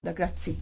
Da grazzi.